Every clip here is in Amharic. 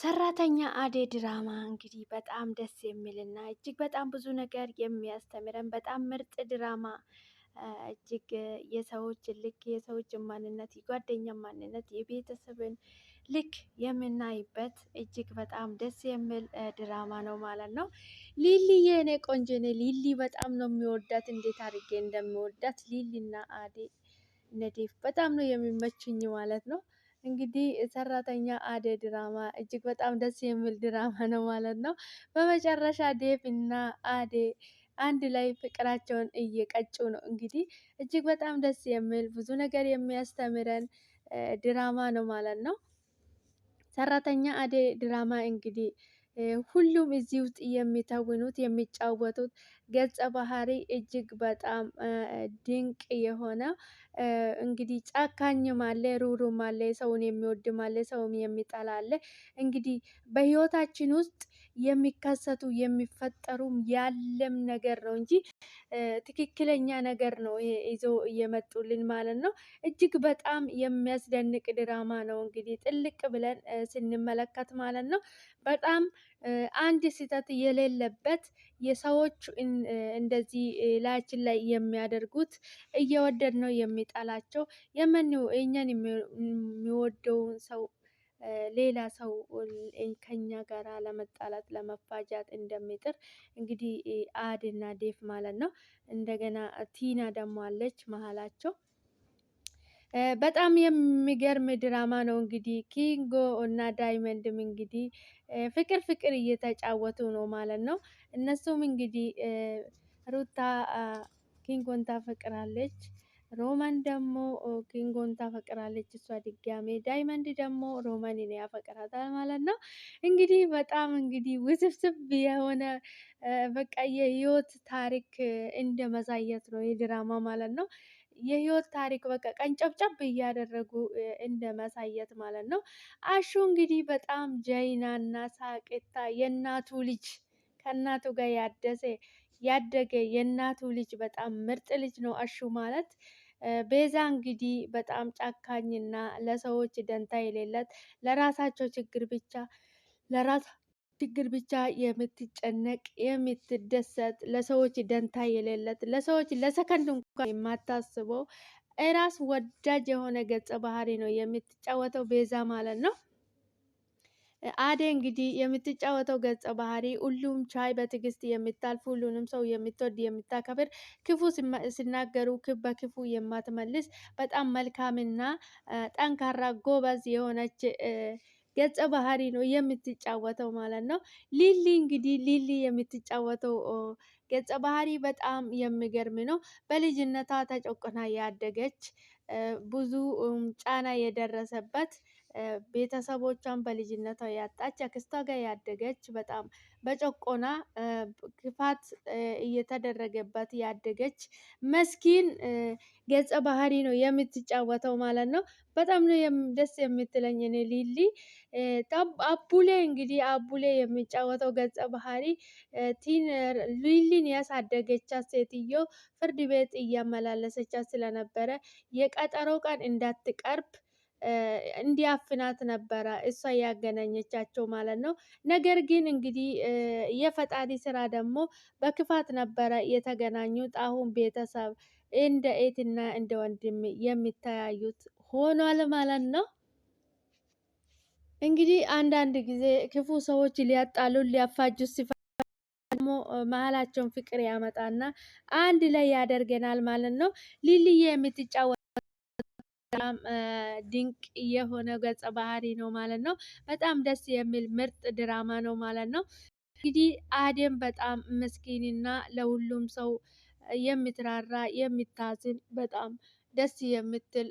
ሰራተኛ አደይ ድራማ እንግዲህ በጣም ደስ የሚልና እጅግ በጣም ብዙ ነገር የሚያስተምረን በጣም ምርጥ ድራማ እጅግ የሰዎችን ልክ የሰዎችን ማንነት የጓደኛ ማንነት የቤተሰብን ልክ የምናይበት እጅግ በጣም ደስ የሚል ድራማ ነው ማለት ነው። ሊሊ የእኔ ቆንጆኔ ሊሊ በጣም ነው የሚወዳት። እንዴት አድርጌ እንደሚወዳት ሊሊና አደይ ነዴፍ በጣም ነው የሚመችኝ ማለት ነው። እንግዲህ ሰራተኛ አደይ ድራማ እጅግ በጣም ደስ የሚል ድራማ ነው ማለት ነው። በመጨረሻ ዴቭ እና አደይ አንድ ላይ ፍቅራቸውን እየቀጩ ነው። እንግዲህ እጅግ በጣም ደስ የሚል ብዙ ነገር የሚያስተምረን ድራማ ነው ማለት ነው። ሰራተኛ አደይ ድራማ እንግዲህ ሁሉም እዚህ ውስጥ የሚተውኑት የሚጫወቱት ገጸ ባህሪ እጅግ በጣም ድንቅ የሆነ እንግዲህ ጨካኝም አለ ሩሩም አለ ሰውን የሚወድም አለ ሰውም የሚጠላ አለ። እንግዲህ በህይወታችን ውስጥ የሚከሰቱ የሚፈጠሩም ያለም ነገር ነው እንጂ ትክክለኛ ነገር ነው ይዞ እየመጡልን ማለት ነው። እጅግ በጣም የሚያስደንቅ ድራማ ነው እንግዲህ ጥልቅ ብለን ስንመለከት ማለት ነው። በጣም አንድ ስህተት የሌለበት የሰዎች እንደዚህ ላያችን ላይ የሚያደርጉት እየወደድ ነው የሚጠላቸው እኛን የሚወደውን ሰው ሌላ ሰው ከኛ ጋር ለመጣላት ለመፋጃት እንደሚጥር እንግዲህ አድና ዴፍ ማለት ነው። እንደገና ቲና ደግሞ አለች መሀላቸው በጣም የሚገርም ድራማ ነው። እንግዲህ ኪንጎ እና ዳይመንድም እንግዲህ ፍቅር ፍቅር እየተጫወቱ ነው ማለት ነው። እነሱም እንግዲህ ሩታ ኪንጎን ታፈቅራለች፣ ሮማን ደግሞ ኪንጎን ታፈቅራለች። እሷ ድጋሜ ዳይመንድ ደግሞ ሮማንን ያፈቅራታል ማለት ነው። እንግዲህ በጣም እንግዲህ ውስብስብ የሆነ በቃ የህይወት ታሪክ እንደ መሳየት ነው የድራማ ማለት ነው። የህይወት ታሪክ በቃ ቀንጨብጨብ እያደረጉ እንደ ማሳየት ማለት ነው። አሹ እንግዲህ በጣም ጀይናና ሳቄታ የእናቱ ልጅ ከእናቱ ጋር ያደሰ ያደገ የእናቱ ልጅ በጣም ምርጥ ልጅ ነው አሹ ማለት። ቤዛ እንግዲህ በጣም ጨካኝና ለሰዎች ደንታ የሌላት ለራሳቸው ችግር ብቻ ለራሳ ችግር ብቻ የምትጨነቅ የምትደሰት፣ ለሰዎች ደንታ የሌለት፣ ለሰዎች ለሰከንድ እንኳ የማታስበው እራስ ወዳጅ የሆነ ገጸ ባህሪ ነው የምትጫወተው ቤዛ ማለት ነው። አዴ እንግዲህ የምትጫወተው ገጸ ባህሪ ሁሉም ቻይ፣ በትዕግስት የምታልፍ፣ ሁሉንም ሰው የምትወድ የምታከብር፣ ክፉ ሲናገሩ በክፉ የማትመልስ በጣም መልካምና ጠንካራ ጎበዝ የሆነች ገጸ ባህሪ ነው የምትጫወተው ማለት ነው። ሊሊ እንግዲህ ሊሊ የምትጫወተው ገጸ ባህሪ በጣም የሚገርም ነው። በልጅነቷ ተጨቁና ያደገች ብዙ ጫና የደረሰበት ቤተሰቦቿን በልጅነቷ ያጣች አክስቷ ጋር ያደገች በጣም በጨቆና ክፋት እየተደረገባት ያደገች መስኪን ገጸ ባህሪ ነው የምትጫወተው ማለት ነው። በጣም ነው ደስ የምትለኝ እኔ ሊሊ። አቡሌ እንግዲህ አቡሌ የሚጫወተው ገጸ ባህሪ ቲን ሊሊን ያሳደገቻት ሴትዮ ፍርድ ቤት እያመላለሰቻት ስለነበረ የቀጠሮ ቀን እንዳትቀርብ እንዲያፍናት ነበረ እሷ ያገናኘቻቸው ማለት ነው። ነገር ግን እንግዲህ የፈጣሪ ስራ ደግሞ በክፋት ነበረ የተገናኙት። አሁን ቤተሰብ እንደ እህትና እንደ ወንድም የሚተያዩት ሆኗል ማለት ነው። እንግዲህ አንዳንድ ጊዜ ክፉ ሰዎች ሊያጣሉ ሊያፋጁ ሲፋ ደግሞ መሀላቸውን ፍቅር ያመጣና አንድ ላይ ያደርገናል ማለት ነው። ሊልዬ የምትጫወ በጣም ድንቅ የሆነ ገጸ ባህሪ ነው ማለት ነው። በጣም ደስ የሚል ምርጥ ድራማ ነው ማለት ነው። እንግዲህ አደም በጣም ምስኪንና ለሁሉም ሰው የምትራራ የምታዝን በጣም ደስ የምትል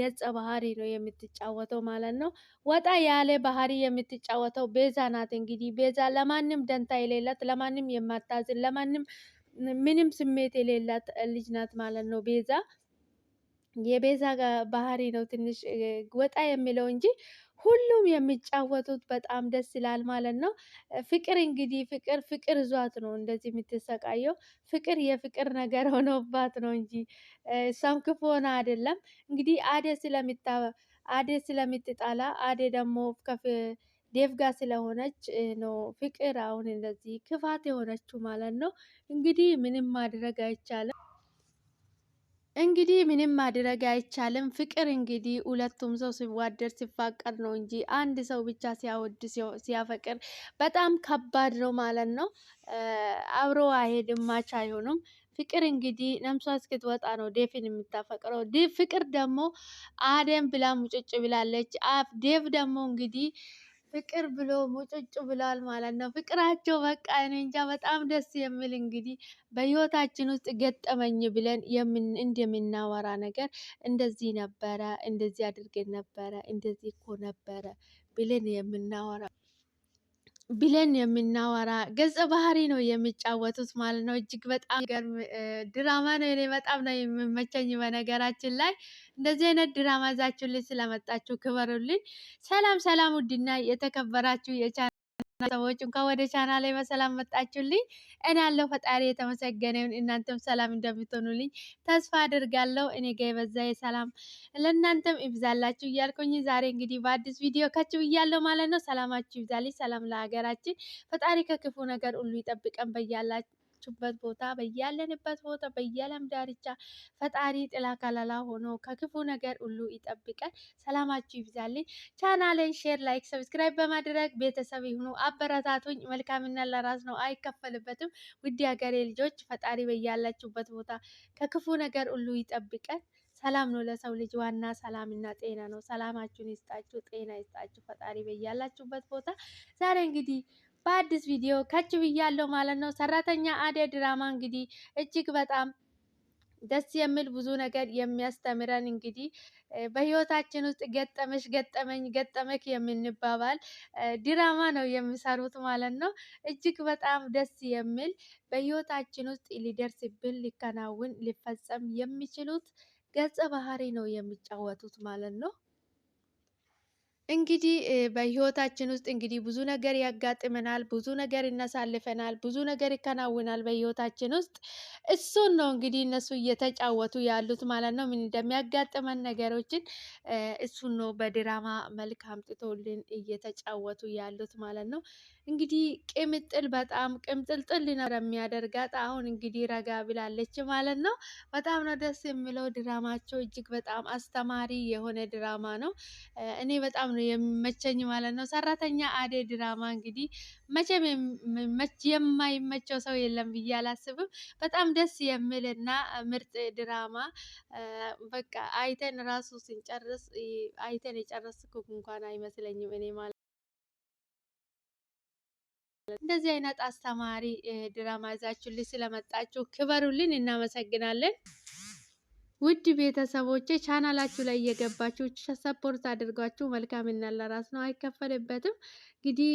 ገጸ ባህሪ ነው የምትጫወተው ማለት ነው። ወጣ ያለ ባህሪ የምትጫወተው ቤዛ ናት። እንግዲህ ቤዛ ለማንም ደንታ የሌላት ለማንም የማታዝን ለማንም ምንም ስሜት የሌላት ልጅ ናት ማለት ነው ቤዛ የቤዛ ባህሪ ነው ትንሽ ወጣ የሚለው እንጂ ሁሉም የሚጫወቱት በጣም ደስ ይላል ማለት ነው። ፍቅር እንግዲህ ፍቅር ፍቅር ይዟት ነው እንደዚህ የምትሰቃየው ፍቅር የፍቅር ነገር ሆኖባት ነው እንጂ እሷም ክፉ ሆና አይደለም። እንግዲህ አዴ ስለሚታ አዴ ስለምትጣላ አዴ ደግሞ ከፍ ዴቭ ጋር ስለሆነች ነው ፍቅር አሁን እንደዚህ ክፋት የሆነችው ማለት ነው። እንግዲህ ምንም ማድረግ አይቻልም። እንግዲህ ምንም ማድረግ አይቻልም። ፍቅር እንግዲህ ሁለቱም ሰው ሲዋደድ ሲፋቀር ነው እንጂ አንድ ሰው ብቻ ሲያወድ ሲያፈቅር በጣም ከባድ ነው ማለት ነው። አብሮ አይሄድም፣ ማች አይሆኑም። ፍቅር እንግዲህ ነምሷ እስክትወጣ ነው ዴፍን የምታፈቅረው። ፍቅር ደግሞ አደም ብላ ሙጭጭ ብላለች። ዴቭ ደግሞ እንግዲህ ፍቅር ብሎ ሙጭጭ ብሏል ማለት ነው። ፍቅራቸው በቃ እኔ እንጃ በጣም ደስ የሚል እንግዲህ በህይወታችን ውስጥ ገጠመኝ ብለን እንደምናወራ ነገር እንደዚህ ነበረ፣ እንደዚህ አድርገን ነበረ፣ እንደዚህ እኮ ነበረ ብለን የምናወራ ብለን የምናወራ ገጸ ባህሪ ነው የሚጫወቱት ማለት ነው። እጅግ በጣም ገርም ድራማ ነው። እኔ በጣም ነው የምመቸኝ። በነገራችን ላይ እንደዚህ አይነት ድራማ ዛችሁልኝ ስለመጣችሁ ክበሩልኝ። ሰላም ሰላም! ውድና የተከበራችሁ የቻ ሰዎች እንኳን ወደ ቻና ላይ በሰላም መጣችሁልኝ። እኔ ያለው ፈጣሪ የተመሰገነውን እናንተም ሰላም እንደምትሆኑልኝ ተስፋ አድርጋለሁ። እኔ ጋ የበዛ የሰላም ለእናንተም ይብዛላችሁ እያልኩኝ ዛሬ እንግዲህ በአዲስ ቪዲዮ ከች ብያለሁ ማለት ነው። ሰላማችሁ ይብዛልኝ። ሰላም ለሀገራችን፣ ፈጣሪ ከክፉ ነገር ሁሉ ይጠብቀን በያላችሁ በያላችሁበት ቦታ በያለንበት ቦታ በያለም ዳርቻ ፈጣሪ ጥላ ከለላ ሆኖ ከክፉ ነገር ሁሉ ይጠብቀን። ሰላማችሁ ይብዛልኝ። ቻናሌን ሼር፣ ላይክ፣ ሰብስክራይብ በማድረግ ቤተሰብ ይሁኑ። አበረታቱኝ። መልካምና ለራስ ነው አይከፈልበትም። ውድ ሀገሬ ልጆች ፈጣሪ በያላችሁበት ቦታ ከክፉ ነገር ሁሉ ይጠብቀን። ሰላም ነው ለሰው ልጅ ዋና ሰላምና ጤና ነው። ሰላማችሁን ይስጣችሁ፣ ጤና ይስጣችሁ ፈጣሪ በያላችሁበት ቦታ ዛሬ እንግዲህ በአዲስ ቪዲዮ ከች ብያለሁ ማለት ነው። ሰራተኛ አደይ ድራማ እንግዲህ እጅግ በጣም ደስ የሚል ብዙ ነገር የሚያስተምረን እንግዲህ በህይወታችን ውስጥ ገጠመሽ ገጠመኝ ገጠመክ የምንባባል ድራማ ነው የሚሰሩት ማለት ነው። እጅግ በጣም ደስ የሚል በህይወታችን ውስጥ ሊደርስብን፣ ሊከናውን፣ ሊፈጸም የሚችሉት ገጸ ባህሪ ነው የሚጫወቱት ማለት ነው። እንግዲህ በህይወታችን ውስጥ እንግዲህ ብዙ ነገር ያጋጥመናል፣ ብዙ ነገር እናሳልፈናል፣ ብዙ ነገር ይከናውናል በህይወታችን ውስጥ። እሱን ነው እንግዲህ እነሱ እየተጫወቱ ያሉት ማለት ነው። ምን እንደሚያጋጥመን ነገሮችን እሱን ነው በድራማ መልክ አምጥቶልን እየተጫወቱ ያሉት ማለት ነው። እንግዲህ ቅምጥል በጣም ቅምጥልጥል ነው የሚያደርጋት። አሁን እንግዲህ ረጋ ብላለች ማለት ነው። በጣም ነው ደስ የሚለው ድራማቸው። እጅግ በጣም አስተማሪ የሆነ ድራማ ነው። እኔ በጣም ነው የሚመቸኝ ማለት ነው። ሰራተኛ አደይ ድራማ እንግዲህ መቼም የማይመቸው ሰው የለም ብዬ አላስብም። በጣም ደስ የሚልና ምርጥ ድራማ በቃ አይተን ራሱ ስንጨርስ አይተን የጨረስኩ እንኳን አይመስለኝም እኔ ማለት እንደዚህ አይነት አስተማሪ ድራማ ይዛችሁልኝ ስለመጣችሁ ክበሩልን፣ እናመሰግናለን። ውድ ቤተሰቦቼ ቻናላችሁ ላይ እየገባችሁ ሰፖርት አድርጓችሁ፣ መልካም እናለራስ ነው አይከፈልበትም። እንግዲህ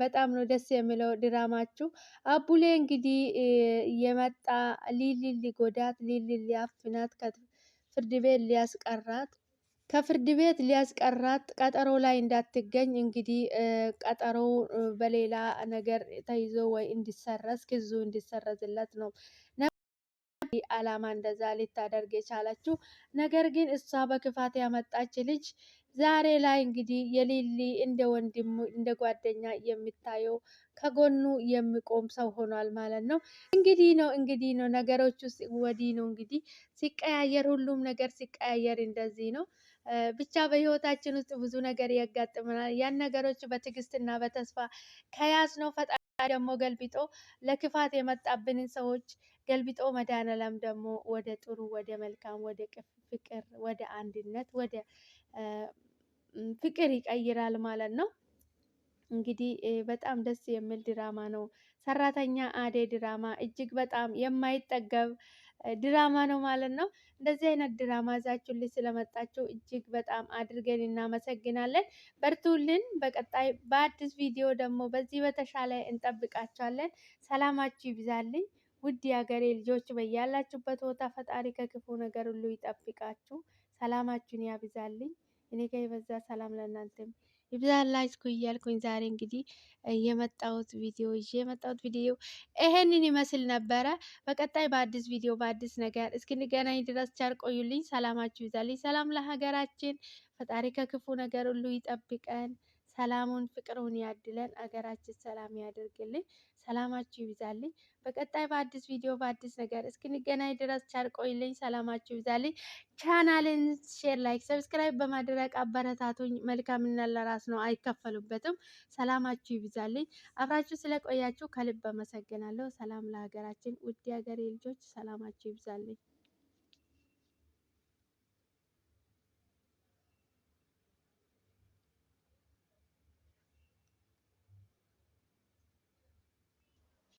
በጣም ነው ደስ የሚለው ድራማችሁ። አቡሌ እንግዲህ የመጣ ሊሊ ሊጎዳት ሊሊ ሊያፍናት ፍርድ ቤት ሊያስቀራት ከፍርድ ቤት ሊያስቀራት ቀጠሮ ላይ እንዳትገኝ እንግዲህ ቀጠሮ በሌላ ነገር ተይዞ ወይ እንዲሰረዝ ክዙ እንዲሰረዝለት ነው አላማ እንደዛ ልታደርግ የቻለችው ነገር ግን እሷ በክፋት ያመጣች ልጅ ዛሬ ላይ እንግዲህ የሊሊ እንደ ወንድም እንደ ጓደኛ የሚታየው ከጎኑ የሚቆም ሰው ሆኗል ማለት ነው። እንግዲህ ነው እንግዲህ ነው ነገሮች ውስጥ ወዲህ ነው እንግዲህ ሲቀያየር፣ ሁሉም ነገር ሲቀያየር እንደዚህ ነው። ብቻ በህይወታችን ውስጥ ብዙ ነገር ያጋጥመናል። ያን ነገሮች በትዕግስትና በተስፋ ከያዝነው ፈጣሪ ደግሞ ገልቢጦ ለክፋት የመጣብንን ሰዎች ገልቢጦ መድኃኔዓለም ደግሞ ወደ ጥሩ፣ ወደ መልካም፣ ወደ ፍቅር፣ ወደ አንድነት፣ ወደ ፍቅር ይቀይራል ማለት ነው። እንግዲህ በጣም ደስ የሚል ድራማ ነው። ሰራተኛ አደይ ድራማ እጅግ በጣም የማይጠገብ ድራማ ነው ማለት ነው። እንደዚህ አይነት ድራማ ይዛችሁልን ስለመጣችሁ እጅግ በጣም አድርገን እናመሰግናለን። በርቱልን። በቀጣይ በአዲስ ቪዲዮ ደግሞ በዚህ በተሻለ እንጠብቃቸዋለን ሰላማችሁ ይብዛልኝ። ውድ የሀገሬ ልጆች በያላችሁበት ቦታ ፈጣሪ ከክፉ ነገር ሁሉ ይጠብቃችሁ። ሰላማችሁን ያብዛልኝ። እኔ ጋር የበዛ ሰላም ለእናንተም ይብዛላችሁ እያልኩኝ ዛሬ እንግዲህ የመጣሁት ቪዲዮ ይዤ የመጣሁት ቪዲዮ ይሄንን ይመስል ነበረ። በቀጣይ በአዲስ ቪዲዮ በአዲስ ነገር እስክንገናኝ ድረስ ቸር ቆዩልኝ። ሰላማችሁ ይብዛልኝ። ሰላም ለሀገራችን፣ ፈጣሪ ከክፉ ነገር ሁሉ ይጠብቀን። ሰላሙን ፍቅሩን ያድለን። አገራችን ሰላም ያደርግልኝ። ሰላማችሁ ይብዛልኝ። በቀጣይ በአዲስ ቪዲዮ በአዲስ ነገር እስክንገናኝ ድረስ ቻል ቆይልኝ። ሰላማችሁ ይብዛልኝ። ቻናልን ሼር፣ ላይክ፣ ሰብስክራይብ በማድረግ አበረታቱኝ። መልካምና ለራስ ነው፣ አይከፈሉበትም። ሰላማችሁ ይብዛልኝ። አብራችሁ ስለቆያችሁ ከልብ አመሰግናለሁ። ሰላም ለሀገራችን። ውድ ሀገሬ ልጆች ሰላማችሁ ይብዛልኝ።